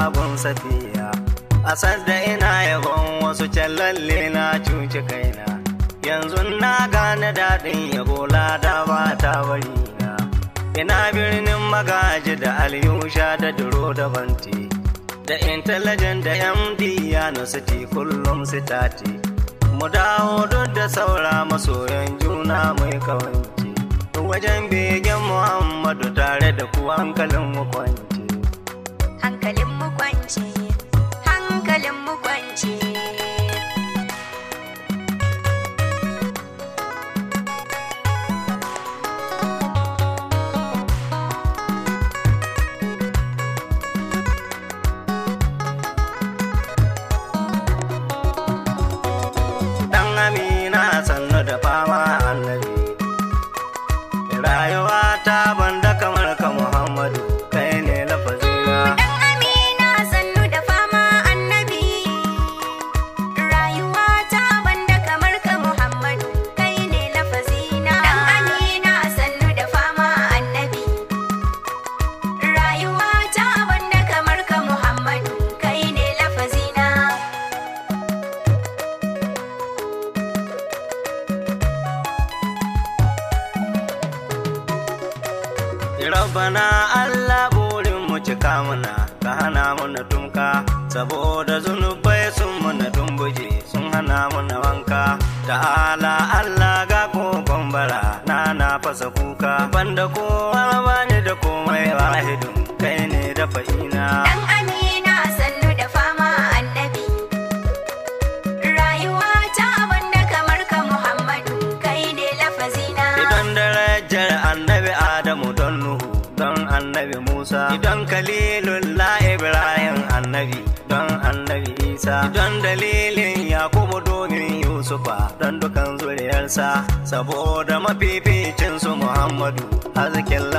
abun safiya a sadda ina yabon wasu lalle na cuci kaina yanzu na gane daɗin yabo lada ba ta bari na ina birnin magaji da alyusha da duro da banti da intelligent da md ya na city kullum sitati mu dawo duk da saura masoyan juna mai kawanci wajen begen muhammadu tare da ku hankalin mu kwanci mu Dan amina sannu da fama annabi rayuwa ta banda kamar kamar rabana Allah burin mu cika muna ka hana muna tumka saboda zunubai sun muna tumbuje sun hana muna wanka Ta ala Allah ga kokon bara na na fasa kuka banda kowa bani da komai wahidun kai ne da fa'ina Musa idan la Ibrahim annabi don annabi Isa idan dalilin Yakubu domin Yusufa don dukan zuriyarsa saboda mafificin su Muhammadu hazikin